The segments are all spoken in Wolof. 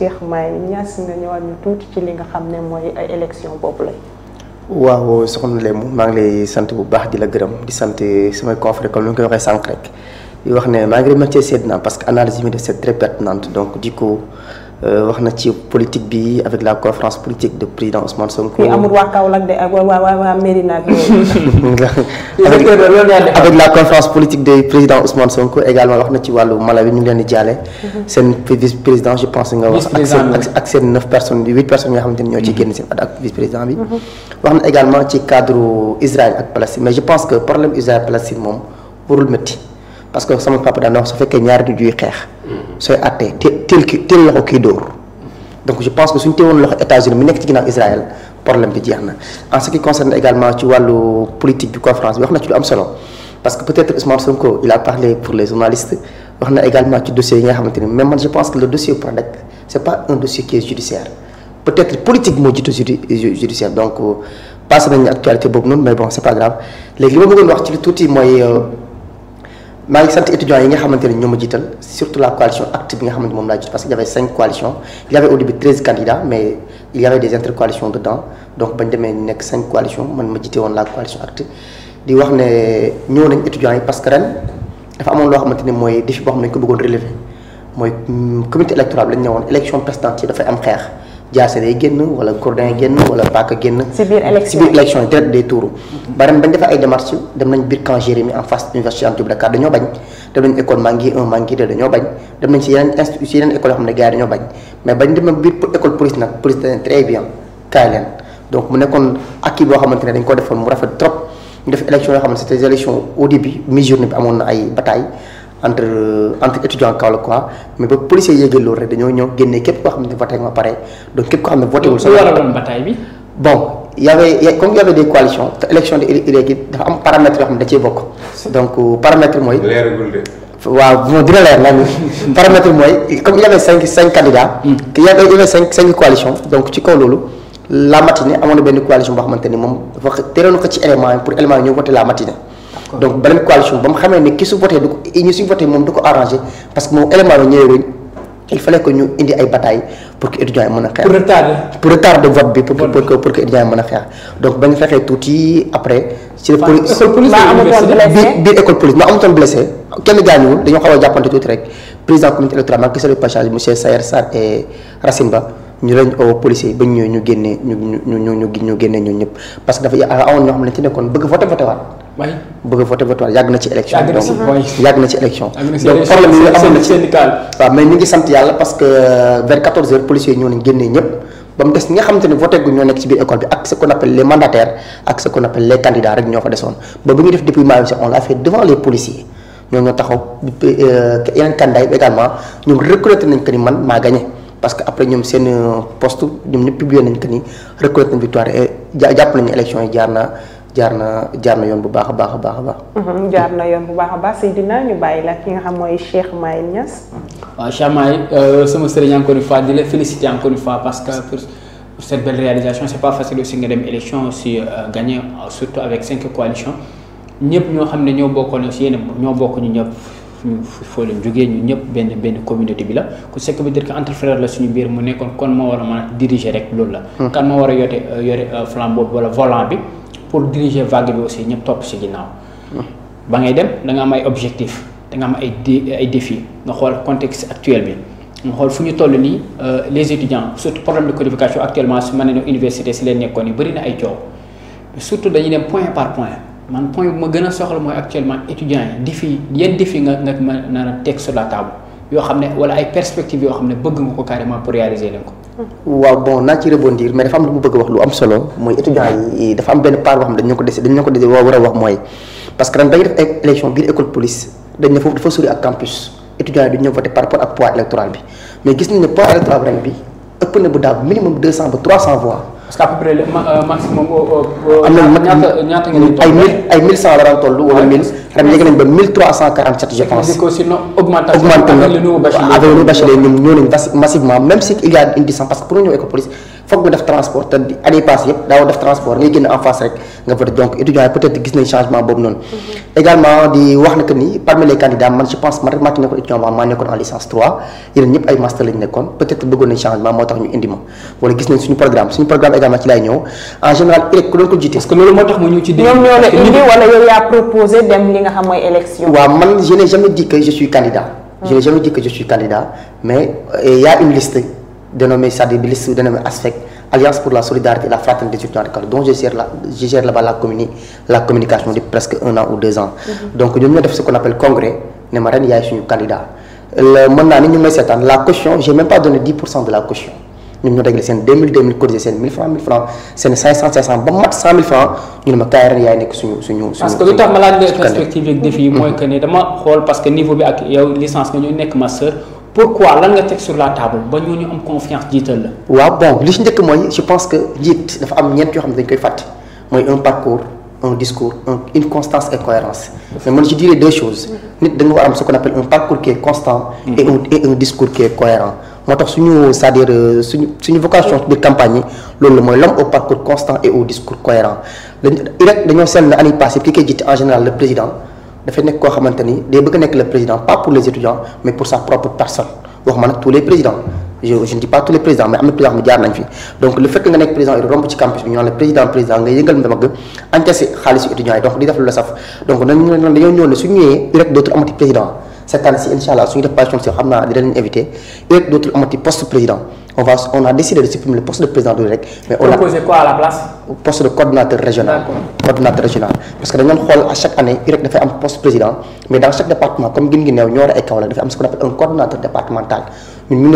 Cheikh Maye Niass nga ñëwaat ñu tout ci li nga xamné moy ay élection boobu lay waaw soxna Lému maa ngi lay sant bu baax di la gërëm di sant sama confrères comme ni nga waxé sank rek di wax ne maa ngi ci Seydina parce que analyse yi muy def c'est très pertinente donc di ko euh, wax na ci politique bi avec la conférence politique de président Ousmane Sonko. mais amul waa Kaolack de wa wa Mérina avec la conférence politique de président Ousmane Sonko également wax na ci walu Malawi ñu ngi leen di jalé mhm. sen vice président je pense nga wax. ak sen 9 neuf personnes huit personnes qui xamanteni ni ñoo ci mhm. génn ak vice président bi. Mhm. wax na également ci cadre Israël ak Palestine mais je pense que problème Israël Palestine moom plus important parce que sama papa da wax su fekkee ñaar du du xeex c'est mm-hmm. atteint tel teel ki loxo mm-hmm. donc je pense que suñu teewoon loxo États-Unis mu nekk ci ginnaaw Israël problème bi jeex en ce qui concerne également ci wàllu politique du conférence bi wax na ci lu am solo parce que peut-être Ousmane Sonko il a parlé pour les journalistes wax a également ci dossier yi nga xamante ni mais man je pense que le dossier ce c'est pas un dossier qui est judiciaire peut-être politique moo jiitu judiciaire donc euh, passé nañ actualité boobu noonu mais bon c'est pas grave léegi li ma bëggoon wax ci lu euh, maa ngi sant étudiants yi nga xamante ne ñoo surtout la coalition acte bi nga xamante moom laa jiital parce qu'il y avait cinq coalitions il y avait au début 13 candidats mais il y avait des intercoalitions dedans donc bañ demee nekk 5 coalitions man ma jiite woon la coalition acte di wax ne ñëw nañ étudiants yi parce que ren dafa amoon loo xamante ne défi boo xam ne dañ ko bëggoon relever mooy mm, comité électoral lañ ne woon élection présidentielle dafay am xeex jaase day génn wala courdin génn wala paaka génn. ci biir élection ci biir élection direct day tuuru. bañ defee ay démarches dem nañ biir camp Jérémy en face université Anta Diop Dakar dañoo bañ dem nañ école Mangui 1 Mangui 2 dañoo bañ dem nañ si yeneen institut si yeneen école yoo xam ne gars dañoo bañ mais bañ demee biir école police nag police dañ très kaay leen donc mu nekkoon acquis boo xamante ne dañ ko defoon mu rafet trop ñu def élection yoo entre entre étudiant Kaolack quoi mais ba policiers yéegee loolu rek dañoo ñëw génne képp koo xam ne voté nga pare donc képp koo xam ne voté wul. lu y dafa am paramètre yoo xam ne da bokk. donc euh, paramètre mooy. leeragul de. waaw moom dina leer nag paramètre mooy comme y avait cinq cinq candidats. que hmm. y avait y avait cinq cinq coalitions donc ci kaw loolu. la matinée amoon na benn coalition boo xamante ni moom dafa teeloon ko ci élément yi pour élément yi ñu voté la matinée. donc beneen coalition bam xamé xamee ne ki su voté du ko su voté mom du ko arrangé parce que moom élément la ñëwee il fallait que ñu indi ay bataille pour que étudiants mëna mën a xeex. pour retarder pour retarder vote bi. pour que pour que pour que étudiants yi mën donc ba ñu touti après. ci le police école police biir biir école police maa amutoon blessé kenn gaañuwul dañu xaw a jàppante rek président comité électoral maa gisee le passage monsieur Sayer Sarr et Racine Ba. ñu lañ oo policiers yi ba ñu ñëwee ñu génnee ñu ñu ñu ñu ñu ñun ñëpp parce que dafa awoon ñoo xamné ci nekkoon bëgg voté voté waat bëgg voter. voté votoire yàgg na ci élection. yàgg na ci élection donc problème yi amoon na ci wa mais ñu ngi sant yalla parce que euh, vers 14 h policiers ñoo nañ génnee ñëpp ba dess ñi nga xamante voté gu ñoo nek ci biir école bi ak ce qu'on appelle les mandataires ak ce qu'on appelle les candidats rek ñoo fa desoon ba bu ñu def depuis maam on l'a fait devant les policiers ñoo ñoo taxaw euh, yeneen candidat également ñoom reconnaître nañ que ni man ma gagné parce que après ñoom seen euh, poste ñoom ñëpp publié nañ que ni reconnaître nañ victoire et japp nañu élection yi jaar na jaar na yon na yoon bu baax a baax a baax a baax. Mhm, bu baax a baax ñu bàyyi la ki nga xam mooy Cheikh Maye Niass. waaw Cheikh Maye euh, sama sëriñ encore une fois di la féliciter encore une fois parce que pour cette belle réalisation c'est pas facile aussi nga dem élection aussi euh, gagner surtout avec cinq coalitions ñëpp ñoo xam ne ñoo bokkoon aussi yéen ñoo bokk ñu ñëpp. foo leen jógee ñu ñëpp benn benn communauté bi la ku ce qui dire que entre frères la suñu biir mu nekkoon kon moo war a mën a diriger rek loolu la hmm. kan moo wara a yote euh, yore flambeau bi wala volant bi pour diriger vague aussi ñëpp top si ginnaaw. Ah. ba ngay dem da nga am ay objectif da nga am ay défis nga xool contexte actuel bi nga xool fu ñu toll euh, les étudiants surtout problème de codification actuellement su ma nee université si leen nekkoon yi bëri na ay coow surtout dañuy dem point par point man point bu ma gën a soxla actuellement étudiants yi défis. yan défis nga nga mën a sur la table ou les wala ay perspectives que xam ne bëgg nga carrément pour réaliser waaw bon naa ci rebondir mais dafa am lu mu bëgg wax lu am solo mooy étudiants yi dafa am benn part boo xam dañ ko dese dañ ko dese war a wax mooy parce que ren dañuy def élection biir école police dañ ne foofu dafa sori ak campus étudiants yi duñ ñëw voter par rapport ak poids électoral bi mais gis nañ ne poids électoral ren bi ëpp na bu daaw minimum 200 ba 300 voix parce que à le euh, maximum. Euh, euh, am na ay mille ay mille cent la daan toll wala trois cent quarante sept je pense. augmentation avec le nouveau bachelier ñoom ñoo massivement même si a une descente parce que pour foog nga def transport te année passée yëpp daaw def transport ngay génn en face rek nga voté donc étudiants peut-être gis nañ changement boobu noonu. Mhm. également di wax na que ni parmi les candidats man je pense man rek maa nekkoon étudiant maa nekkoon en licence 3 yeneen ñëpp ay master lañ nekkoon peut-être bëggoon nañ changement moo tax ñu indi ma wala gis nañ suñu programme suñu programme également ci laay ñëw en général IREC ku ko jiite. dénommé Sadébilis, dénommé aspect Alliance pour la solidarité et la fraternité étudiante, dont je gère, la, je gère là-bas la, la communication depuis presque un an ou deux ans. Mhm. Donc nous avons fait ce qu'on appelle congrès, nous avons un candidat. Le, maintenant, nous avons la caution, je n'ai même pas donné 10% de la caution. Nous avons réglé 2000, 2000, 2000, 1000 francs, 1000 francs, 500, 500, bon max 100 000 francs, nous avons fait un candidat. a Parce que tout à l'heure, la perspective et défis, défi, moi, que parce que niveau avec licence, nous avons une master pourquoi que nga sur la table ba qu'on am confiance jiital la. Oui, bon li ci que je pense que jiit dafa am un parcours un discours une constance et cohérence mais moi, je dirais deux choses nit da ce qu'on appelle un parcours qui est constant. et un discours qui est cohérent. Dans c'est-à-dire euh, suñu vocation de campagne l'homme au parcours constant et au discours cohérent Il rek a ne année passée ki koy en général le président le fait que le président pas pour les étudiants mais pour sa propre personne tous les présidents je ne dis pas tous les présidents mais donc le fait que nga président et ci campus président, le président président donc nañ sommes ñëw président cette année ci Inch'Allah, si vous pas et d'autres poste président on a décidé de supprimer le poste de président de l'UREC. mais on a proposé quoi à la place poste de coordinateur régional coordinateur régional parce que nous, à chaque année l'UREC fait un poste de président mais dans chaque département comme nous avons ce qu'on appelle un coordinateur départemental Nous, nous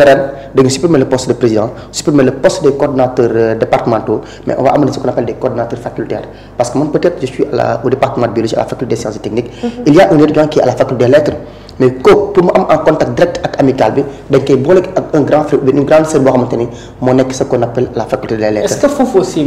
ne supprimer le poste de président supprimer le poste des coordinateurs euh, départementaux mais on va amener ce qu'on appelle des coordinateurs facultaires parce que moi, peut-être je suis au département de biologie à la faculté des sciences et techniques mm-hmm. il y a un étudiant qui est à la faculté des lettres mais pour mu am en contact direct avec amical bi dañ koy boole ak un grand frère ou une grande sœur boo xamante ce qu'on appelle la faculté des lettres. est-ce que Foufou aussi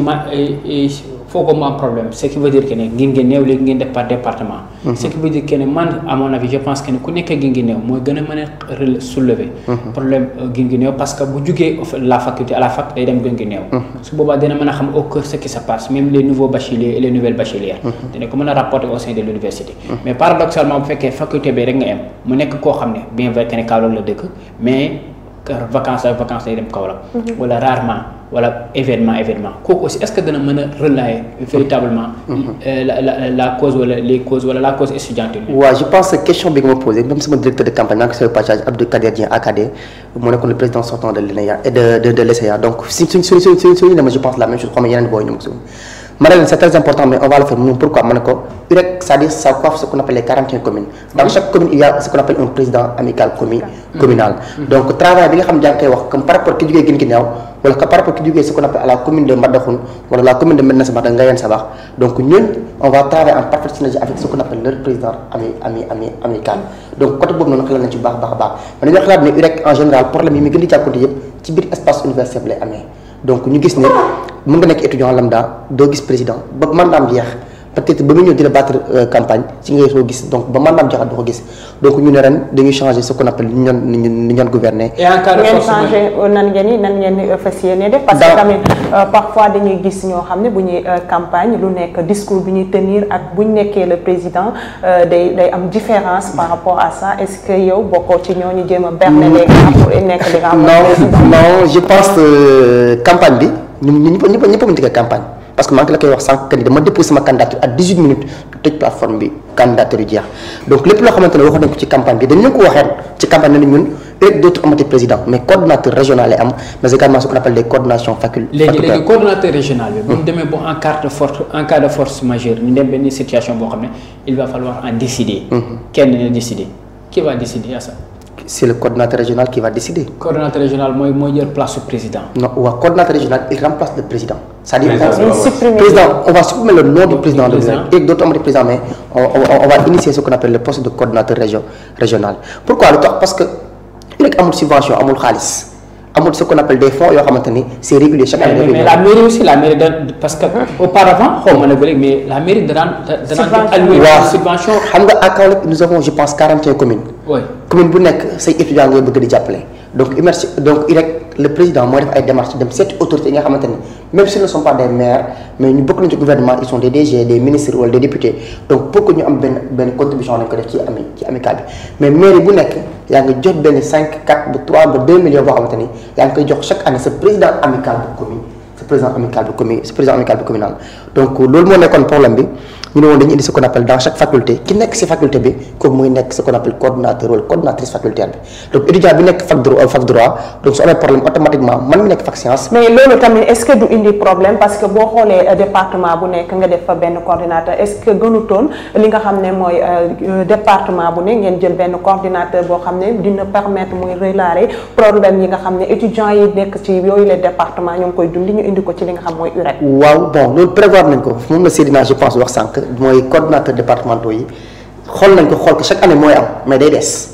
qu'on mu am problème ce qui veut dire que ne Guinguinéo néew léegi ngeen def par département. Mhm. ce qui veut dire que ne man à mon avis je pense que ne ku nekk Guinguinéo je gën a mën soulever. Mhm. problème euh, Guinguinéo parce que bu jugee la faculté à la fac day dem Guinguinéo. Mhm. su boobaa dina mën a xam au cœur ce qui se passe même les nouveaux bacheliers et les nouvelles bachelières. dina ko mën a rapporter au sein de l'université. mais paradoxalement bu fekkee faculté bi rek nga am mu nekk koo xam bien vrai que des Kaolack la dëkk mais vacances ak vacances day dem Kaolack. wala rarement voilà événement événement est-ce que dana relayer véritablement. la cause ou les causes la cause étudiante ouais je pense que la question que je me même sama directeur de campagne c'est le passage Abdou Kader le président sortant de l'ENEA et de de donc si si si si si je pense la même chose comme il y a boy ma c'est très important mais on va le faire nous pourquoi Monaco ne ko c'est-à-dire ça coiffe ce qu'on appelle les 41 communes dans chaque commune il y a ce qu'on appelle un président amical commun mm-hmm. communal mm-hmm. donc travail bi nga xam jàngi koy wax comme par rapport ki jógee gën ginnaaw wala que par rapport ki ce qu'on appelle la commune de Mbadakhoune wala la commune de Medina Sabakh da Ngayène Sabakh donc ñun on va travailler en parfaite synergie avec ce qu'on appelle leur président ami ami amical donc côté on noonu xalaat nañ ci bu baax a mais UREC en général problème yi muy gën di jàkkonte un ci espace universel bi donc nous gis étudiants, mën nga nekk lambda président peut-être ba muy ñëw di la battre euh, campagne ci ngay soo gis donc ba maanaam jaxat du ko gis donc ñu ne ren dañuy changer ce qu'on appelle ñu ñu ñu ñu gouverner. en cas de force ngeen changer euh, nan ngeen ni nan ngeen ni euh, fas yéene def. gis ñoo xam ne bu ñuy campagne lu nekk discours bi ñuy tenir ak bu ñu nekkee le président day day am différence par rapport à ça yow bokkoo ci ñooñu jéem a. berne les gars pour nekk di. non non je bi ñun ñun ñëpp ñëpp ñëpp campagne. parce que je suis la train wax ma candidature à 18 minutes la plateforme bi candidature donc le plan de ne campagne bi dañ une ko une campagne de ñun et d'autres présidents. président mais coordonnateur régional régionales, mais également ce qu'on appelle les coordonnations facultatives. Les coordonnateurs coordonnateur régional bi. Hmm. en cas de force en cas de force majeure situation il va falloir en décider. Hmm. décider qui va décider à ça c'est le coordinateur régional qui va décider. Le coordinateur régional moi, remplace le place président. non Le coordinateur régional il remplace le président. c'est-à-dire on, président on va supprimer le nom du président. et d'autres membres du président mais on, va initier ce qu'on appelle le poste de coordinateur régional. pourquoi le parce que y a amul subvention amul chalice..! amul ce qu'on appelle des fonds yo c'est régulier chaque année. mais mais la mairie aussi la mairie parce que. Ah. auparavant xaw ma mais la mairie de allouer alloué subvention xam nga à nous avons je pense 41 communes. oui commune bu nek say étudiants ngay bëgg di jàppale donc donc le président a ay démarches de cette autorité. même s'ils ne sont pas des maires mais ñu bokk nañ gouvernement ils sont des DG des ministres ou des députés donc pour nous ñu am benn contribution lañ ko amicale mais mairie bu il y a 5 4 3 2 millions de xamante ni yaa chaque année ce président amical bu commune Ce président amical commune Ce président amical bu communal donc loolu moo nekkoon problème bi ñu ne woon indi ce qu'on appelle dans chaque faculté ki nekk ci faculté bi comme muy nekk ce qu'on appelle coordinateur ou coordinatrice facultaire donc étudiant bi nekk fac droit euh, fac droit donc su amee problème automatiquement man mi nekk fac science. mais loolu tamit est-ce que du indi problème parce que boo xoolee euh, département bu nekk nga def fa benn coordinateur est-ce que gënutoon li nga xam ne euh, département bu ne ngeen jël benn coordinateur boo xam ne dina permettre muy relayer problème yi nga xam ne étudiants yi nekk ci yooyu les département ñoo ngi koy dund ñu indi ko ci li nga xam mooy UREC. waaw bon loolu prévoir nañ ko moom la Seydina je pense wax sànq acteur mooy coordonnateur départementaux yi xool nañ ko xool ko chaque année moy am mais day des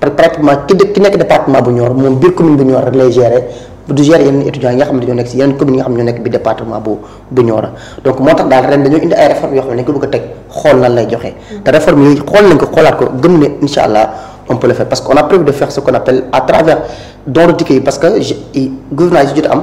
pratiquement ki dëkk ki nekk département bu ñor mom bir commune bu ñor rek lay gérer du gérer yeneen étudiants nga xam ne dañoo ci si commune nga xam ñu ñoo nekk bi département bu bu Nioro donc motax dal ren dañu indi ay réformes yo xam ne dañ ko bëgg a teg lan lay joxe ta réformes yi xool nañ ko xoolaat ko gëm ne incha on peut le faire parce que on a prévu de faire ce qu'on appelle à travers don ticket parce que gouvernement yi si am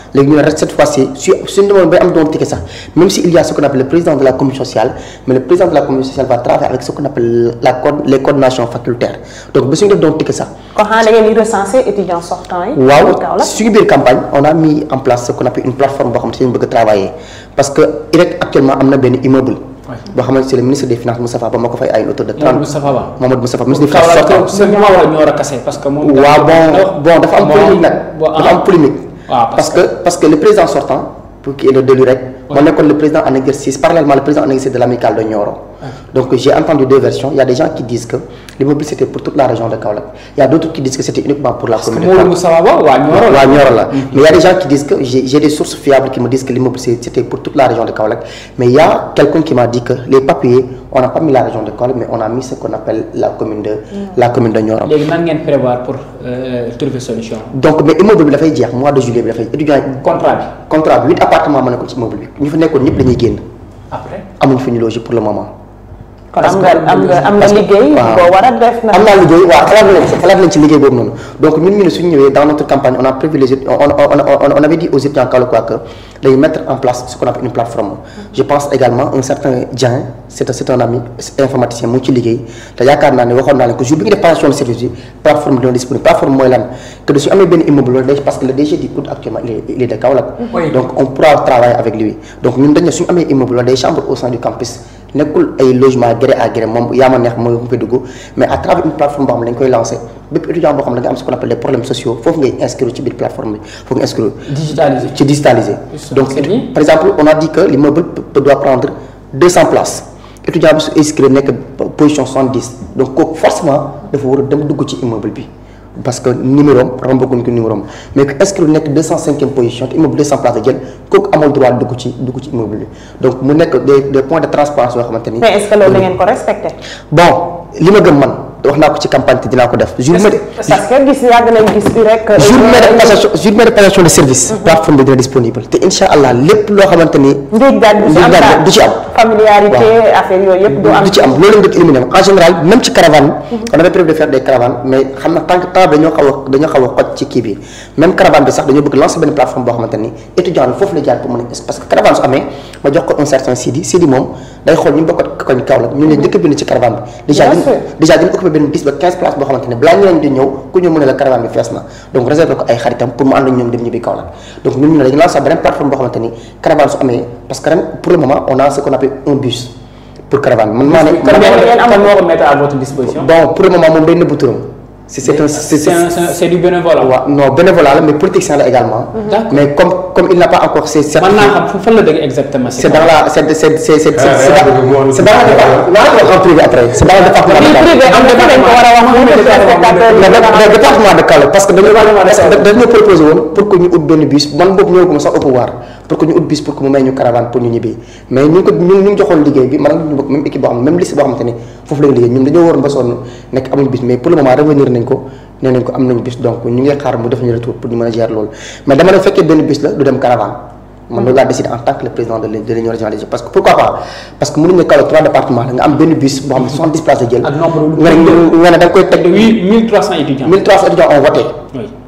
cette fois-ci même s'il y a ce qu'on appelle le président de la commission sociale mais le président de la commission sociale va travailler avec ce qu'on appelle la codes les facultaires donc faut suñu def ça. ticket ça campagne on a mis en place ce qu'on appelle une plateforme pour travailler parce que est actuellement un immeuble. le ministre des finances de 30 ministre des finances bon ah, parce que parce que le président sortant pour qu'il le dellu le président en exercice parallèlement le président en exercice de l'amicale de Nyoro. donc j'ai entendu deux versions il y a des gens qui disent que l'immobilier c'était pour toute la région de Kaolak. il y a d'autres qui disent que c'était uniquement pour la commune de mm-hmm. mais il y a des gens qui disent que j'ai des sources fiables qui me disent que l'immobilier c'était pour toute la région de Kaolak. mais il y a quelqu'un qui m'a dit que les papiers on n'a pas mis la région de Kaolak, mais on a mis ce qu'on appelle la commune de mm. la commune de Nioro prévoir pour euh, trouver solution donc l'immobilier il bi moi mois de juillet il a fait. contrat contrat 8 appartements mon immobilier ñi fa nekkoon ñëpp dañuy génn. après amuñ fi ñu logé pour le moment kon am nga am nga am nga liggéey. boo war def na am liggéey ci ci liggéey boobu noonu donc ñun ñu ne suñu ñëwee dans notre campagne on a privilégié on on on avait dit aux étudiants quoi que de mettre en place ce qu'on appelle une plateforme. je pense également un certain Jean, c'est un c'est un ami informaticien mu ci liggéey te yaakaar naa ne waxoon naa leen que jour bi nga def passation de service bi plateforme dina disponible plateforme mooy lan que de su amee benn immeuble loolu parce que le DG du coûte actuellement il est il est de Kaolack. donc on pourra travailler avec lui donc ñun dañ ne suñu amee immeuble loolu des chambres au sein du campus nekul ay logement gré à gré mom yama mais à travers une plateforme que lañ koy lancé étudiant bo xam ce qu'on appelle les problèmes sociaux il ngay inscrire ci plateforme il faut inscrire. digitaliser ci digitaliser. donc par exemple on a dit que l'immeuble doit prendre 200 places étudiant bi inscrire une position 70 donc forcément il faut que dem dugg ci immeuble bi parce que numéro am ko numéro mais est-ce que le une 205e position immeuble 200 places la jël amul droit de l'immobilier? ci donc mu nek des points de transparence yo xamanteni mais est-ce que vous da ngeen ko bon li gëm man. wax naa ko ci campagne te dinaa ko def. journée de de passation journée de passation de service. Mhm. plateforme bi dina disponible te incha allah lépp loo xamante du ci am du ci am loolu mhm. dañoo xaw a ci kii bi même caravane bi sax dañoo bëgg lancer benn plateforme boo xamante ni foofu la jaar pour moom day xool ñu bokk koñ kaw la ñu ne mhm. dëkk bi ci caravane bi. déjà déjà benn 10 ba 15 places boo xamante ne balaa ñeneen ñëw ku ñu mën a la caravane bi fees na donc réserver ko ay xaritam pour mu ànd ñoom dem ñibbi Kaolack donc ñun ñu ne dañu lancé beneen plateforme boo xamante ni caravane su amee parce que pour le moment on a ce qu'on un bus pour caravane moment moom day nëbbu turam. c'est du bénévolat non bénévolat mais également. Mm-hmm. mais comme il n'a pas encore. C'est la C'est dans la la... C'est dans la département dans le département de parce que pour pouvoir. pour que ñu ut bis pour que mu may ñu caravane pour ñu ñibbi mais ñu ko ñu ñu joxoon liggéey bi maanaam ñu bokk même équipe boo xam même liste boo xamante ni foofu lañ liggéey ñun ne fekkee loolu nga am benn bus boo xam ne soixante-dix places jël. nga ne nga koy teg. huit trois cents étudiants. mille trois cents te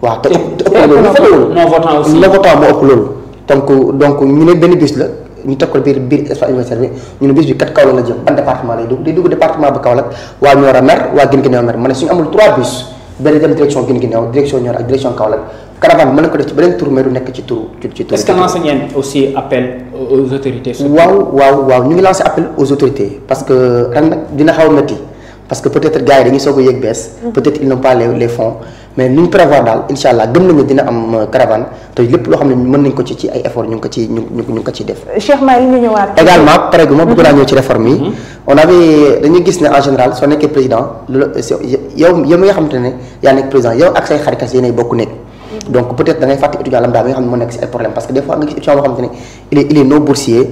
ëpp te ëpp loolu. non votant aussi non votant moo ëpp loolu. donc donc ñu ne benn bus la ñu teg ko biir biir espace universitaire bi ñu ne bus bi kat Kaolack la jëm ban département lay dugg day dugg département ba Kaolack waa Nioro mer waa Guine Guineo mer ma ne suñu amul trois bus benn dem direction Guine Guineo direction Nioro ak direction Kaolack caravane bi mën na ko def ci beneen tour mais du nekk ci tour waaw waaw waaw ñu ngi lancé appel aux autorités parce que ren nag dina xaw a parce que peut-être gars dañuy mais nous prévoir dal inshallah allah gëm nañu dina am euh, caravane tay lepp lo xam ne mën nañ ko ci ci ay effort ñu ko ci ñu ñu ko ci def. Cheikh Mahi ñu ñëwaat. également pare gu ma bëgg naa ñëw ci réforme yi. Mm-hmm. on avait dañuy gis né en général so nekkee président yow yow mi nga xamante ne nekk président yow ak say xarikas yéenay bokku nekk. Mm-hmm. donc peut-être da ngay fàtte étudiant lambda nga xam mo moo nekk si ay problème parce que des fois nga ci étudiant lo xamante ne il est il est non boursier.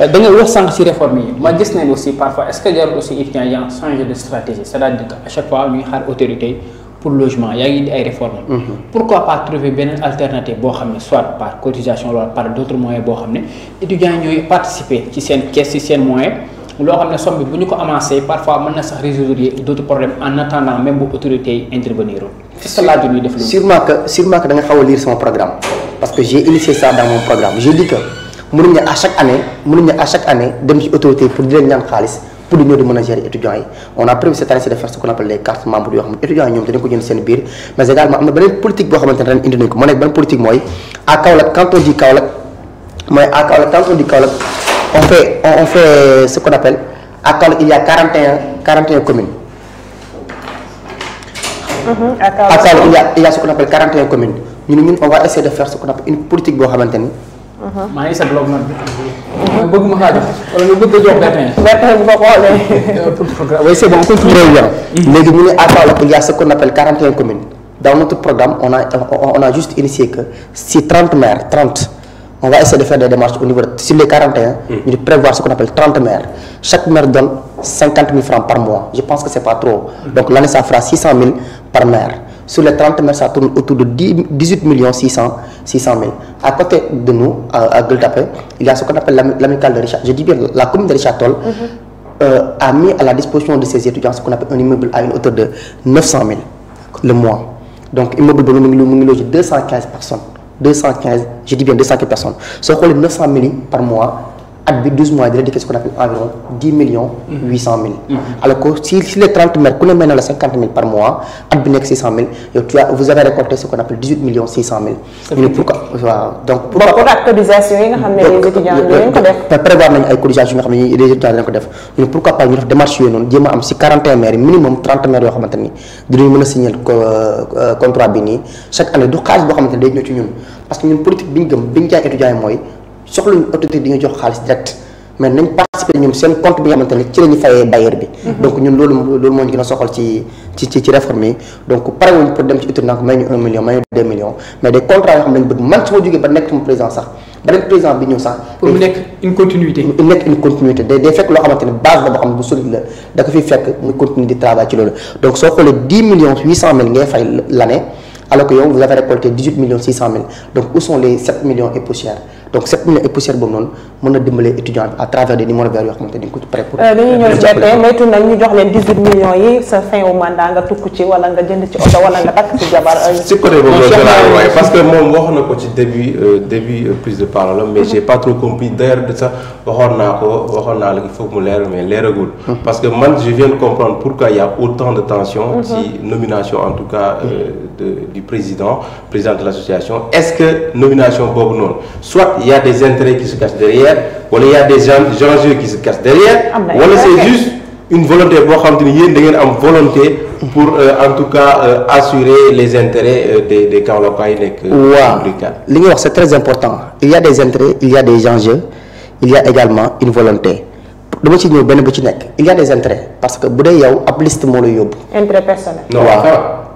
Euh, da ngay wax si réforme yi ma gis dis aussi parfois est-ce que y aussi un changement de stratégie c'est-à-dire que à chaque fois a une autorité pour logement il y a ay réforme. Mm-hmm. pourquoi pas trouver une alternative soit par cotisation soit par d'autres moyens Et de étudiants participer ci seen caisse ci moyen loo xam somme parfois mën na résoudre d'autres problèmes en attendant même que autorités intervenir C'est ce que laaju sûrement que sûrement que da nga lire mon programme parce que j'ai initié ça dans mon programme je dis que mënuñ à chaque année mënuñ à chaque année dem ci autorité pour di leen ñaan pour ñoo di mën gérer étudiants yi on a prévu cette année c'est de faire ce qu'on appelle les cartes membres yo xam ne étudiants yi ñoom ko jënd seen biir mais également amna benen politique bo xamante ne ren indi nañ ko mo nek beneen politique moy à Kaolack quand on dit Kaolack moy à Kaolack quand on dit Kaolack on fait on fait ce qu'on appelle à Kaolack il y a 41 41 communes. Mm-hmm, à Kaolack il y a il y a ce qu'on appelle 41 communes ñu ne ñun on va essayer de faire ce qu'on appelle une politique boo xamante blog oui c'est bon très bien. léegi il y a ce qu'on appelle 41 communes dans notre programme on a on a juste initié que si 30 maires 30 on va essayer de faire des démarches au niveau de sur les 41. de prévoir ce qu'on appelle 30 maires chaque maire donne 50 000 francs par mois je pense que c'est pas trop. Hmm. donc l'année ça fera 600 000 par maire. Sur les 30 mètres, ça tourne autour de 18 600, 000. À côté de nous, à, à il y a ce qu'on appelle l'amicale de Richard. Je dis bien la commune de Richard mhm. euh, a mis à la disposition de ses étudiants ce qu'on appelle un immeuble à une hauteur de 900 000 le mois. Donc, immeuble de 215 personnes. 215, je dis bien 215 personnes. Ce les 900 000 par mois, 12 mois ce environ 10 millions 800 mhm. 000. Mhm. alors que si les 30 mètres 50 000 par mois 600 000 vous avez récolté ce qu'on appelle 18 millions 600 000. pourquoi donc pour la les étudiants euh, euh, les étudiants pourquoi pas ñu am minimum 30 maires yo euh, contrat chaque année du parce que ñun politique étudiants soxluñu autorité di nga jox xaliss direct mais nañ participer ñoom seen compte bi nga xamante ci lañu fayé fayee bailleur bi. Mhm. donc ñun loolu loolu moñu ñu soxal ci ci ci ci réforme yi donc paré wuñ pour dem ci uti nag may 1 million may 2 millions mais des contrats yoo xam ne bëgg man su ma jógee ba nekk mu président sax beneen président bi ñëw sax. pour mu nekk une continuité. mu nekk une continuité day day fekk loo xamante base la boo xam bu solide la da ko fi fekk mu continuer di travail ci loolu donc soo xoolee 10 millions 800 mille ngay fay l'année alors que yow vous avez récolté 18 millions 600 mille donc où sont les 7 millions et poussières donc cette mine et poussière mën a étudiant à travers des numéros verts yoo xamante ni ko prêt pour. Euh, dañuy ñëw ci BT moytu les ñu jox 18 millions yi sa au mandat nga tukk ci wala nga jënd ci oto wala nga ci jabar. ci euh, parce que mon wax na ko ci début euh, début prise de parole mais mm-hmm. j'ai pas trop compris d'ailleurs de ça. waxoon naa ko waxoon la il faut mu leer mais mm-hmm. parce que moi, je viens de comprendre pourquoi il y a autant de tension. si mm-hmm. nomination en tout cas du président président de l'association est-ce que nomination boobu non? soit il y a des intérêts qui se cachent derrière derrière il y a des gens qui se cassent derrière. wala c'est juste une volonté pour euh, en tout cas euh, assurer les intérêts euh, des des locaux et des c'est très important il y a des intérêts il y a des enjeux il y a également une volonté. il y a des intérêts parce que bu dee yow ab liste moo la yóbbu. intérêt personnel. non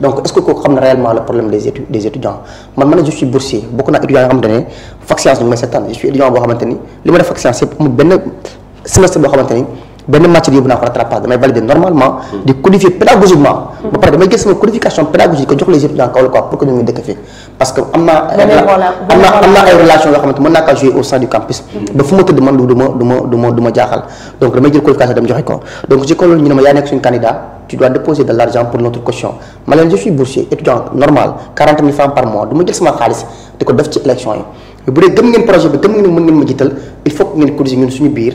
donc est ce que vous réellement le problème des étudiants je suis boursier beaucoup d'étudiants étudiant je suis étudiant Le xamante ni li c'est ben match bi yóbbu naa ko rattrapage valider normalement. de codifier pédagogiquement. Hmm. ba pare damay gis sama codification pédagogique que jox les étudiants kaw la pour que ñu ngi dëkk fii. parce que am naa. am naa am naa ay relations yoo xamante mën naa jouer au sein du campus. Hmm. ba fu ma tëdd man du du ma du ma du ma du ma jaaxal donc damay jël codification dem joxe ko donc ci kaw loolu ñu ne ma yaa nekk candidat tu dois déposer de l'argent pour notre caution ma je suis boursier étudiant normal 40 000 francs par mois du ma jël sama xaalis di ko def ci élection yi bu dee gëm ngeen projet bi gëm ngeen mën ngeen il faut que ngeen cotiser ñun suñu biir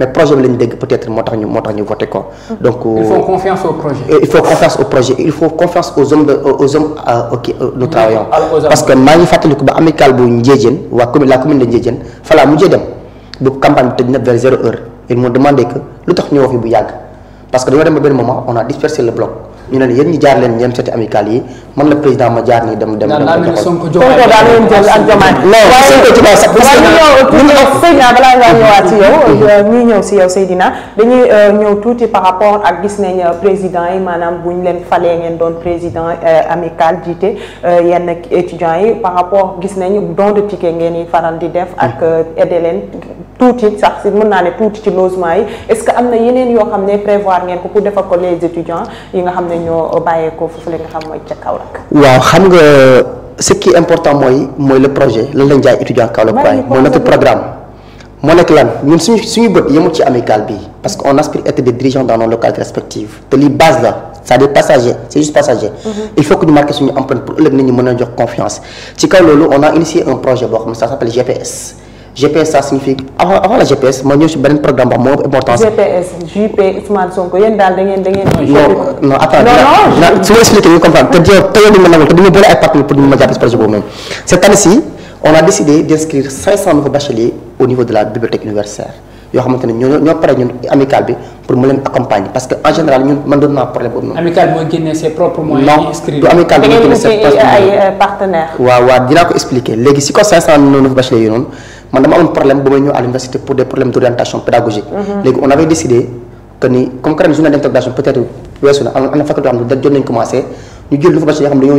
mais projet est peut-être motax montagne ñu motax ñu voté ko. donc il faut euh, confiance au projet. il faut confiance au projet il faut confiance aux hommes de euh, aux hommes euh, auxquels nous travaillons. parce que maa ngi ko ba amical bu Ndiédiène wa la commune de Ndiédiène fa laa dem bu campagne de tëj na vers 0h. ils m'ont demandé que lu tax ñu fi bu parce que dañu dem ba moment on a dispersé le bloc. ñu ne yéen ñi jaar leen ñeent seeti amical yi man la président ma jaar nii dem dem. dem dem dem Sonko ak Diomaye. non Sonko Diomaye sax. balaa ñëwaat si yow mm-hmm. euh, ñuy ñëw si yow Seydina dañuy euh, ñëw tuuti par rapport ak gis nañ euh, président yi maanaam buñ leen falee ngeen doon président amical jiite yenn étudiants yi par rapport gis nañ don de ticket ngeen yi faral di def ak mm-hmm. aider leen. tuuti sax si mën naa ne tuuti ci logement est-ce que am na yeneen yoo xam prévoir ngeen ko pour defal ko les étudiants yi nga xam ne ñoo bàyyeekoo foofu la nga xam mooy ca Kaolack. waaw xam nga ce qui est important mooy mooy le projet lan lañ jaay étudiant Kaolack waaye mooy notre programme. moo nekk lan ñun suñu suñu bët yemul ci amicale bi parce que on aspire être des dirigeants dans nos localités respectives te lii base la ça des dire passager c'est juste passager. Mm-hmm. il faut que ñu marqué suñu empreinte pour ëllëg nit ñi mën jox confiance ci kaw loolu on a initié un projet boo xam ça s'appelle GPS. GPS ça signifie avant la GPS ma ñëw un beneen programme ba importance. GPS JP Ousmane Sonko yéen daal da ngeen da ngeen. non non attends non non. Tu expliqué ñu comprendre te que dire yow mi monde nangul te pour nous ma jàpp cette année-ci on a décidé d'inscrire 500 nouveaux bacheliers au niveau de la bibliothèque universitaire Nous avons pris ñoo ñoo ñun pour nous accompagner parce que en général nous avons pas un problème amical noonu. amicale vous ses propres moyens. non du amicale bi parce ses propres moyens. da euh, partenaires. waaw expliquer Si vous avez 500 nouveaux bacheliers man dama un problème à l'université pour des problèmes d'orientation pédagogique mhm. on avait décidé que comme on a une d'interprétation peut-être que nous avons faculté on xam commencé ñu jël nouveau bachelier Comme une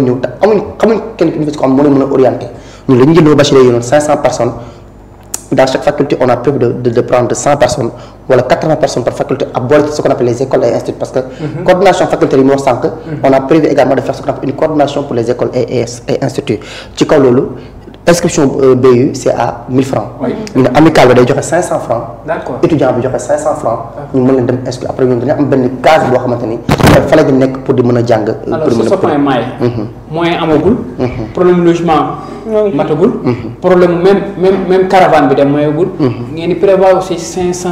ne dañoo université ko nous avons 500 personnes dans chaque faculté on a prévu de, de, de prendre 100 personnes ou 80 personnes par faculté à de ce qu'on appelle les écoles et instituts parce que mhm. coordination faculté yi mhm. on a prévu également de faire une coordination pour les écoles et, et, et instituts ci prescription euh, BU c'est à 1000 francs. ñu ne amical bi day joxe 500 francs. d'accord étudiant bi joxe 500 francs. ñu mën leen dem inscrire après ñun dañu am benn case boo xamante ni fa la ñu pour di mën a pour mën a alors ce point maay. Mhm. moyen amagul. Mhm. problème logement. matagul. Mhm. problème même même même caravane bi dem mayagul. ngeen di prévoir aussi 500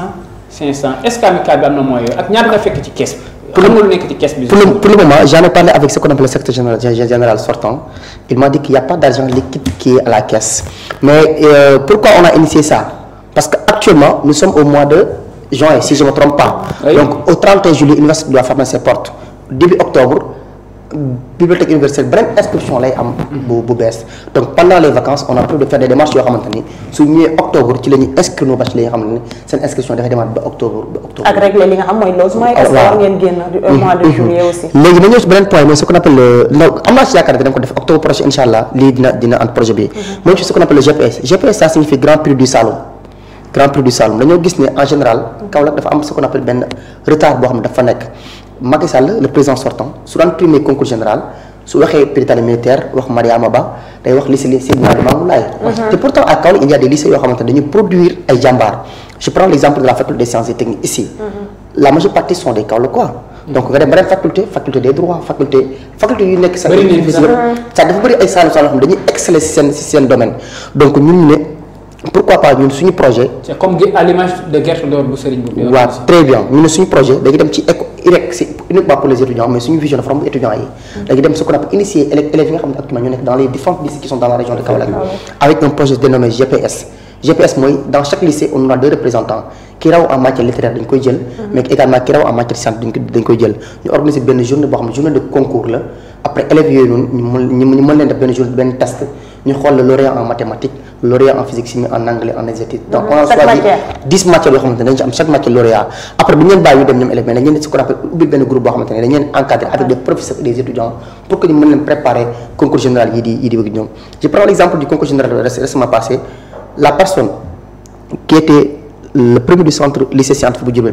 500 est-ce qu'Amical amical bi am na moyen yooyu ak ñaata nga fekk ci kees pour le, pour moment, j'en ai parlé avec ce qu'on appelle le secteur général, sortant. Il m'a dit qu'il n'y a pas d'argent liquide qui est à la caisse. Mais euh, pourquoi on a initié ça Parce qu'actuellement, nous sommes au mois de juin, si je ne me trompe pas. Donc, au 31 juillet, l'Université de la se porte. Début octobre, bibliothèque universelle beneen inscription lay am. bu bu donc pendant les vacances on a prévu de faire des démarches yoo xamante ni octobre ci la ñuy inscrire nos bacheliers yi nga xam ne seen inscription dafay demaat ba octobre ba octobre. ak régler li nga xam mooy logement yi. est-ce que war mois de mm-hmm. juillet aussi. Mm-hmm. léegi na ñëw si point Mais ce qu'on appelle le am naa si yaakaar dinañ ko def octobre prochain Inch'Allah, allah lii dina dina ànd projet bi. mooy mm-hmm. ce qu'on appelle le GPS GPS ça signifie Grand Prix du salon, Grand Prix du salon. dañoo gis né en général Kaolack dafa am ce qu'on appelle benn retard boo xam dafa le président sortant sur premier concours général sous le militaire wax Mariama Ba sur wax lycée de mhm. pourtant à il y a des lycées qui dañu produire je prends l'exemple de la faculté des sciences et techniques ici mhm. la majeure partie sont des quoi donc faculté faculté des droits faculté faculté donc pourquoi pas nous ñun un projet. c'est comme à l'image de guerre d'or bu Serigne très bien Nous ne un projet dañu dem ci éco IREC c'est uniquement pour les étudiants mais une vision de am étudiants Nous dañu dem ce qu'on appelle initier élèves élèves sont dans les différentes lycées qui sont dans la région de Kaolack. avec un projet dénommé GPS. GPS moi, dans chaque lycée on a deux représentants qui raw en matière littéraire d'un koy hum. mais également qui raw en matière scientifique. dañ koy dañ koy journée journée de concours Là. après élèves yooyu noonu ñu ñu journée benn test. Nous xool le lauréat en mathématiques le lauréat en physique en anglais en asiatique donc on a choisi dix matières yoo xamante ne dañ ci chaque lauréat après nous avons leen des élèves mais dañ groupe nous avons encadré avec des professeurs et des étudiants pour que ñu préparer le préparer concours général je prends l'exemple du concours général récemment passé la personne qui était le premier du centre lycée scientifique bu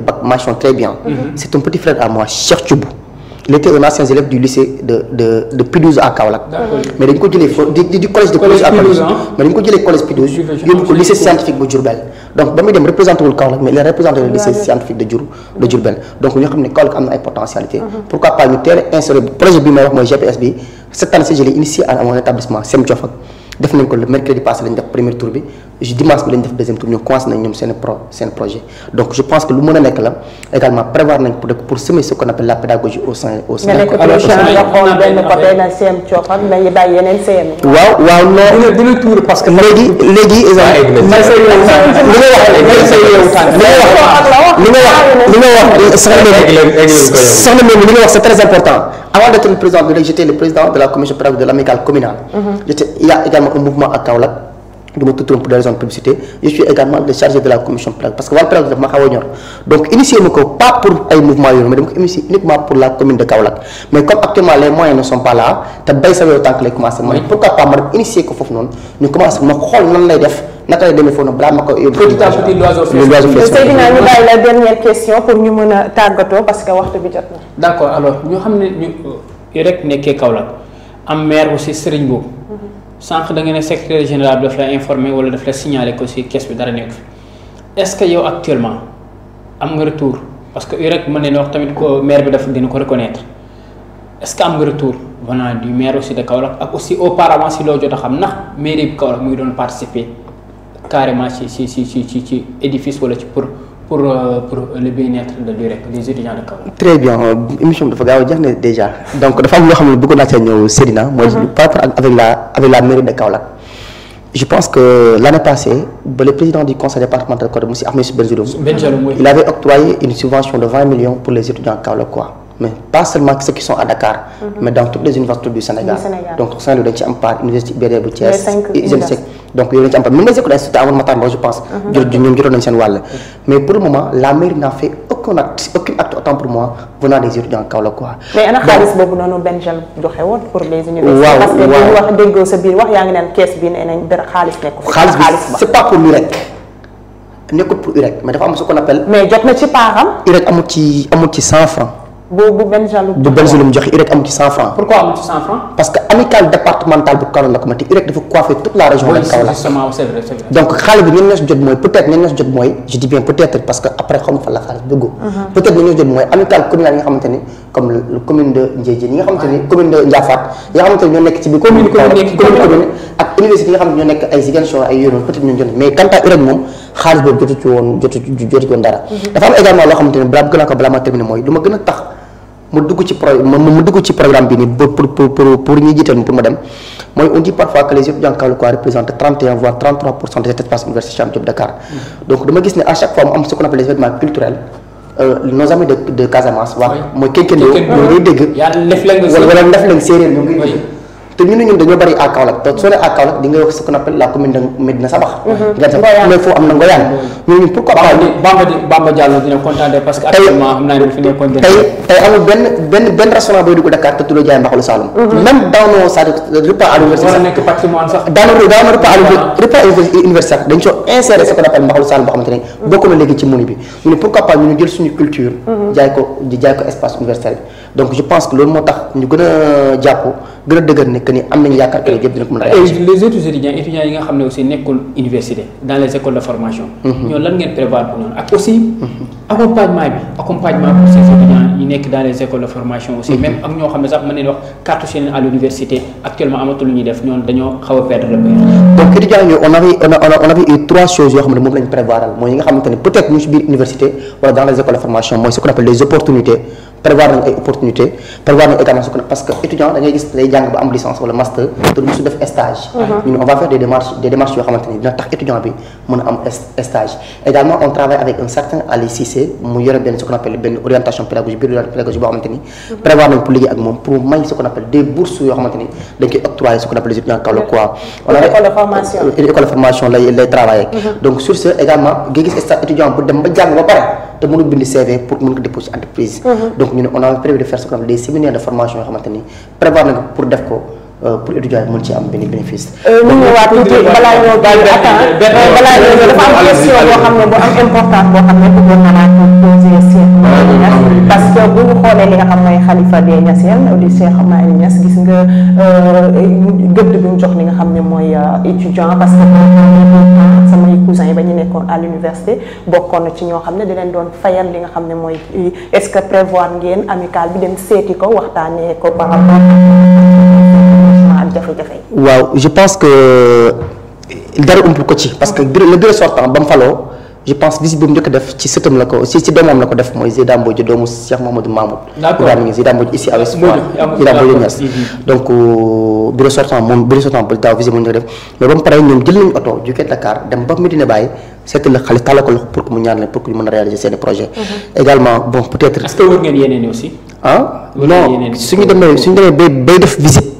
très bien mm-hmm. c'est un petit frère à moi Cheikh Thioub il était un ancien élève du lycée de de de Pidouze à Kaolak. mais il ko a du collège de Pidouze à il hein. mais dañ ko jëlee collège Pidouze yóbbu ko lycée scientifique de Djurbel. donc je muy dem représenté mais il représente le lycée scientifique de Djurbel. donc on xam une école qui a une potentialité uh-huh. pourquoi pas une teel inséré. Le projet de may GPS cette année je l'ai initié à mon établissement SEM def nañ ko le mercredi passé lañ def premier tour bi dimanche bi lañ def deuxième tour ñoom commencé nañ ñom seen pro seen projet donc je pense que lu mën a nekk la également prévoir nañ pour pour semer ce qu'on appelle la pédagogie au sein au sein. alors que xool benn côté la CM Mais nañu bay yenen CM. waaw waaw non dina dina tour parce que. léegi léegi. li nga wax c'est très important avant d'être le président de j'étais le président de la commission pédagogique de l'amicale communale. Mm-hmm. j'étais il y a également au mouvement à Kaolack du ma pour des raisons de publicité je suis également le chargé de la commission PRAC parce que wàllu PRAC dafa ma xaw donc initié ma pas pour ay mouvement mais donc ko uniquement pour la commune de Kaolack mais comme actuellement les moyens ne sont pas là tu as sa weewu tànk que les ma pourquoi pas ma dem initié ko foofu noonu ñu commencé ma xool nan lay def naka lay demee l'oiseau la dernière question pour ñu mën parce que d'accord alors ñu avons une ñu euh, rek nekkee Kaolack am maire aussi Serigne sànq da nga ne secrétaire général bi daf la informé wala daf la signalé ko si kees bi dara nekk fi est-ce que yow actuellement am nga retour parce que UREC mën ne wax tamit ko maire bi dafa dina ko reconnaître est-ce que am nga retour venant du maire aussi de Kaolack ak aussi au auparavant si loo jot a xam nax mairie bi Kaolack mu ngi doon participer carrément ci ci ci ci ci ci édifice wala ci pour. pour euh, pour le bien-être de des étudiants de Kaolack. très bien euh, émission de dafa déjà donc dafa am loo beaucoup ne bëggoon naa cee ñëw mhm. avec la avec la mairie de Kaolack. je pense que l'année passée le président du conseil départemental de Kaolack monsieur Ahmed Benjelloun. il avait octroyé une subvention de 20 millions pour les étudiants de quoi, mais pas seulement ceux qui sont à Dakar. Mhm. mais dans toutes les universités du Sénégal. donc Saint-Louis dañ ci l'université part et je ne sais donc yooyu lañ ci am tam même les écoles institut amoon Matar Mbow je pense mhm. jot ñoom jotoon nañ seen wàll mais pour le moment la mairie n'a fait aucun acte aucun acte autant pour moi venant des étudiants Kaolack quoi mais ana xaalis boobu non benn jal joxe woon pour les universités parce que ñu wax déggoo sa biir wax yaa ngi naan kees bi nee nañ benn xaalis nekku xaalis c'est pas pour lui rek nekkul pour UREC mais dafa am ce qu'on appelle mais jot na ci paaxam UREC amul ci amul ci cent francs bu bu benn jalum bu benn jalum joxe ci 100 francs. pourquoi am ci 100 francs. parce que amicale départementale bu Kaolack la ko mati IREC dafa coiffer toute la région. de Kaolack donc xaalis bi ñun ñoo si jot mooy peut-être ñun ñoo si jot mooy je dis bien peut-être parce que après xaw ma fan la xaalis dugg. Mhm. peut-être ñun ñoo si jot amicale communale yi nga xamante comme le commune de Ndiédiène yi nga xamante commune de Ndiafate yi nga xamante ni ñoo nekk ci biir. commune commune ak université yi nga xam ne ñoo nekk ay Ziguinchor ay yooyu noonu peut-être ñoo jot mais quant à IREC moom xaalis boobu jotu ci woon jotu ci woon dara mhm. dafa am également loo xamante ni balaa gën a ko balaa ma lu ma gën tax mu dugg ci pro mu dugg programme bi nii pour pour pour pour ñuy jiital ma dem mooy on parfois que les étudiants Kaolackois représentent 31 voire 33 pour cent des espaces universitaires Cheikh Anta Diop Dakar. donc dama gis ne à chaque fois mu am ce qu'on appelle les événements culturels euh, nos amis de Casamance. waaw mooy kénkéndoo. kénkéndoo ñoo dégg. yaa def def leen séeréer ñoo ngi dégg. te ñu ñun dañoo bëri à Kaolack te soo nee à mhm. mhm. tey tey amul benn benn benn restaurant booy dugg Dakar te tuddoo jaay mbaxalu Saloum. Mhm. même dans nos c'est-à-dire repas à l'université. war dañ soo insérer ce qu'on appelle mbaxalu Saloum boo xamante ne bokk na léegi ci menu bi ñu ne pourquoi pas ñu jël suñu culture. jaay ko jaay ko espace universitaire donc je pense que loolu moo tax ñu gën a jàpp gën a dëgër ne que ni am nañu yaakaar que ni yëpp dina ko mën a. les autres étudiants étudiants yi nga xamné aussi nekkul université dans les écoles de formation. Mhm. ñoo lan ngeen prévoir pour ñoom ak aussi. Mhm. accompagnement bi accompagnement pour ces étudiants yi nekk dans les écoles de formation. aussi mhm. même ak ñoo xamné sax mën nañu wax carte chinoise à l'université actuellement amatu lu ñuy def ñoom dañoo xaw a perdre le bien donc étudiants ñu on avait on a on avait eu trois choses yo xamné moom lañ prévoir mooy yi nga xamante ne peut-être ñu si biir université wala dans les écoles de formation mooy ce qu'on appelle les opportunités prévoir nañ ay opportunités prévoir nañu également parce que étudiant da ngay gis jang ba am licence wala master te musu def stage mhm. ñun on va faire des démarches des démarches yo xamanteni dina tax étudiant bi mën am stage également on travaille avec un certain Ali Cissé mu yore ben ce qu'on appelle ben orientation pédagogique biir pédagogie boo xamanteni ni mhm. prévoir nañ pour liggéey ak mom pour may ce qu'on appelle des bourses yo xamanteni ni dañ koy octroyer ce qu'on appelle les étudiants le quoi on a école de formation école de formation lay lay travailler mhm. donc sur ce également nga gis étudiant bu dem ba jang ba pare te mënul bind CV pour mën déposer entreprise donc ñu on a prévu de faire ce qu'on appelle des séminaires de formation yo xamanteni ni prévoir nañ pour def ko euh, pour étudiant yi mën ci am benn bénéfice. Euh, ñu ñëwaat tuuti balaa ñoo gën a attan balaa ñoo gën dafa am question boo xam ne bu am importance boo xam ne bëggoon naa ko poser Cheikh Mahi Niass parce que bu ñu xoolee li nga xam mooy xalifa des Niassènes di Cheikh Mahi Niass gis nga euh, gëdd bi mu jox li nga xam ne mooy étudiant parce que samay cousins yi ba ñu nekkoon à l'université bokkoon na ci ñoo xam ne di leen doon fayal li nga xam ne mooy est-ce que prévoir ngeen amical bi dem seeti ko waxtaanee ko par rapport Wow, je pense que un un peu parce que le bureau sortant ba je pense visite bi def ci la ko ci ci def moy Cheikh Mamadou Mamoud ici avec moi donc euh, bureau sortant moom bureau sortant visite def mais bam mu ñom jël Dakar dem ba Medina Baye la pour que pour que réaliser mm-hmm. également bon peut-être est aussi Hein non suñu suñu visite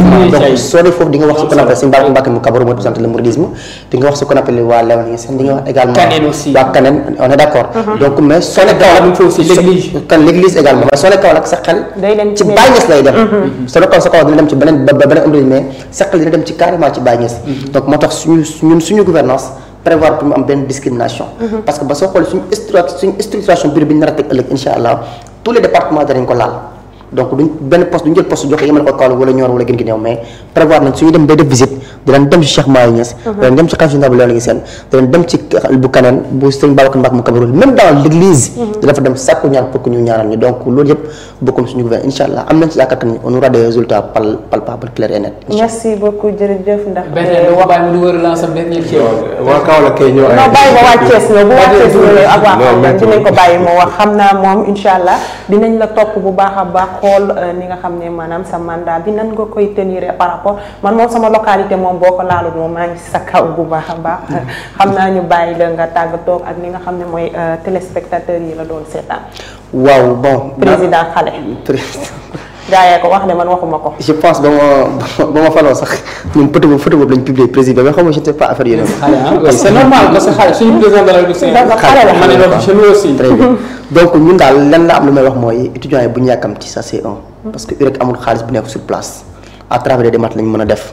effectivement donc soo dee foofu di nga wax su ko nappale si Mbacke Mbacke mu kabaru mooy présenté le mouridisme di wax su ko nappale waa Léona Niassène di nga wax également waa Kaneen on est d' accord mm-hmm. donc soo ne Kaolack kan sa xel ci Baye Niass lay dem mm-hmm. Mm-hmm. soo ne Kaolack sa Kaolack dina dem ci beneen beneen am mais sa xel dina dem ci carrément ci Baye Niass donc moo tax suñu suñu gouvernance prévoir pour am benn discrimination parce que ba soo xoolee suñu a donc duñ benn poste duñ jël poste joxe yemale ko Kaolack wala Nioro wala Guinguinéo mais prévoir nañ suñu dem bay def visite dinañ dem ci Cheikh Mahi Niass dinañ dem ci Khalifa Ndao Léona Niassène dinañ dem ci bu kanaan bu Serigne Babacar Mbacké mu Cameroun même dans l'église dina fa dem sàkku ñaan pour que ñu ñaanal ñu donc loolu yëpp bokkum suñu gouvernement inchallah am nañ ci yaakaar que on aura des résultats pal palpables clairs et nets merci beaucoup jërëjëf ndax beneen do wabaay mu wër lancé beneen ci waa Kaolack kay ñoo ay non bàyyi ba waa Thiès la bu waa Thiès la ak waa dinañ ko bàyyi moo wax xam mom moom dinañ la topp bu baax a baax ni eh, nga xam ne sa mandat bi nan nga koy tenir par rapport man moom sama localité moom moom boo ko laalut moom sa kaw bu baax a baax mm-hmm. xam naa ñu bàyyi la nga tàggatoo ak ni nga xam moy mooy euh, téléspectateurs yi la doon sétan waaw bon président xale gaa yee ko wax ne man waxuma ko. je pense dama dama falo sax ñun photo boobu photo boobu lañ publier président mais xam nga c'était pas affaire yooyu hein? noonu. c'est normal parce que xale suñu président de la République. xale la ma ci donc aussi. très bien donc ñun dal lenn la am lu may wax moy étudiant bu ñu ci ça c'est un. parce que urek amul xaliss bu nekk sur place à travers des démarches lañ mëna def.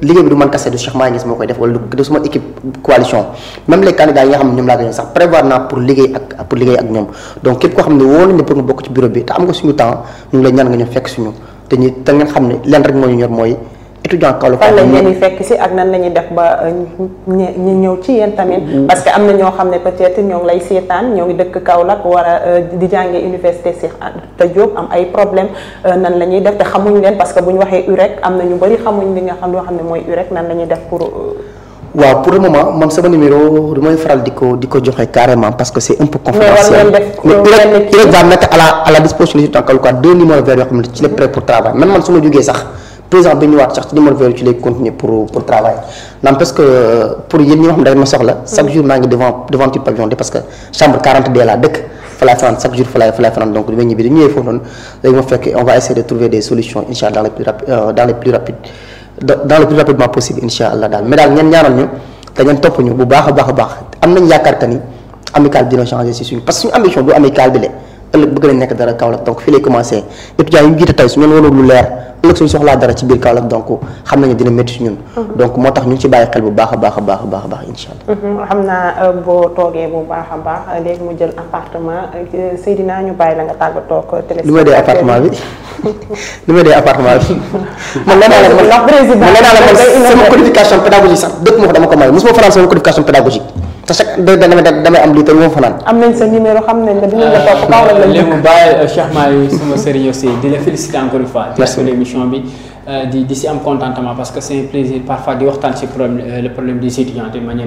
liggéey bi du man kase du Cheikh Mahi Niass moo koy def wala du sama équipe coalition même les candidats yi nga xam ne ñoom laa gagné sax prévoir naa pour liggéey ak pour liggéey ak ñoom donc képp koo xam ne woo nañ ne pour nga bokk ci bureau bi te am nga suñu temps ñu ngi lay ñaan nga ñëw fekk suñu te ñu te ngeen xam ne leen rek moo ñor mooy étudiant Kaolack fan lañ leen di fekk si ak nan la ñuy def ba euh, ñu ñëw ci yéen tamit mm-hmm. parce que am na ñoo peut être ñoo lay seetaan ñoo ngi dëkk Kaolack wara a euh, di jàngee université Cheikh Anta Diop am ay problème euh, nan la ñuy def te xamuñ leen parce que bu ñu waxee UREC am na ñu bëri xamuñ li nga xam loo xam ne mooy nan la ñuy def pour waaw pour le moment man sama numéro damay faral di ko di ko joxe carrément parce que c'est un peu confidentiel mais UREC UREC va mettre à la à la disposition des étudiants Kaolack deux numéros vers yoo xam ci les prêts pour travail man man su ma sax président bi ñëwaat sax ci numéro ci lay continuer pour pour travail naam parce que pour yéen ñi nga xam ma soxla chaque mm. jour mangi devant devant du pavillon parce que chambre 40 dee laa dëkk fa laay chaque jour fala laay fa donc du ma ñibbi dañu ñëwee foofu noonu ma fekk on va essayer de trouver des solutions inshallah dans les plus rapide euh, dans les plus rapides dans le plus rapidement possible inshallah dal mais dal ñen ñaanal ñu te ngeen topp ñu bu baax a baax a baax am nañ yaakaar que ni amical bi dina changer ci suñu parce que suñu ambition du amical bi le ëllëg bëgg nañ nekk dara Kaolack donc fii lay commencé étudiants yi ñu jiite tey su ñeen wala lu leer ëllëg suñu soxlaa dara ci biir Kaolack donc xam nañu dina métti ñun mhm. donc moo tax ñu ci bàyyi xel bu baax a baax a baax a baax a baax incha allah mhm. xam naa euh, boo toogee bu baax a baax léegi mu jël appartement Seydina ñu bàyyi la nga tàgg toog li may dee appartement bi li may dee appartement bi man nee naa la man nee naa la man sama qualification pédagogique sax dëkk moo te chaque day damay am lii te ñu fanaan. am nañ sa numéro xam nañ la dinañ la topp kaw la léegi bàyyi euh, Cheikh Malick sama sëriñ aussi di la féliciter encore une fois. bi. Euh, di di si am que c'est un plaisir parfois problème euh, le problème des étudiants de